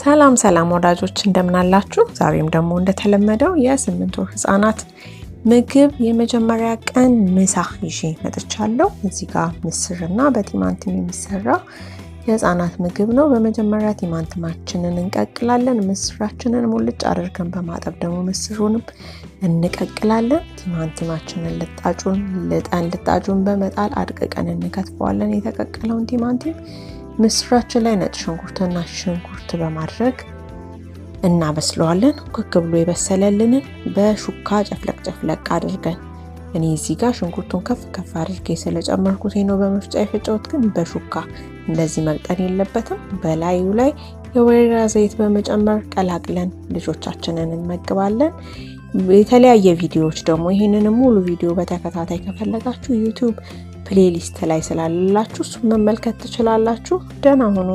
ሰላም ሰላም ወዳጆች እንደምናላችሁ። ዛሬም ደግሞ እንደተለመደው የስምንት ወር ህጻናት ምግብ የመጀመሪያ ቀን ምሳ ይዤ መጥቻለሁ። እዚህ ጋር እና በቲማንቲም የሚሰራ የህፃናት ምግብ ነው። በመጀመሪያ ቲማንቲማችንን እንቀቅላለን። ምስራችንን ሙልጭ አድርገን በማጠብ ደግሞ ምስሩንም እንቀቅላለን። ቲማንቲማችንን ልጣጩን ልጠን ልጣጩን በመጣል አድቅቀን እንከትፈዋለን። የተቀቀለውን ቲማንቲም ምስራችን ላይ ነጭ ሽንኩርትና ሽንኩርት በማድረግ እናበስለዋለን። ኩክ ብሎ የበሰለልንን በሹካ ጨፍለቅ ጨፍለቅ አድርገን እኔ እዚህ ጋር ሽንኩርቱን ከፍ ከፍ አድርጌ ስለጨመርኩት ነው በመፍጫ የፈጨሁት፣ ግን በሹካ እንደዚህ መቅጠን የለበትም። በላዩ ላይ የወይራ ዘይት በመጨመር ቀላቅለን ልጆቻችንን እንመግባለን። የተለያየ ቪዲዮዎች ደግሞ ይህንን ሙሉ ቪዲዮ በተከታታይ ከፈለጋችሁ ዩቱብ ፕሌሊስት ላይ ስላላችሁ እሱን መመልከት ትችላላችሁ። ደህና ሁኑ።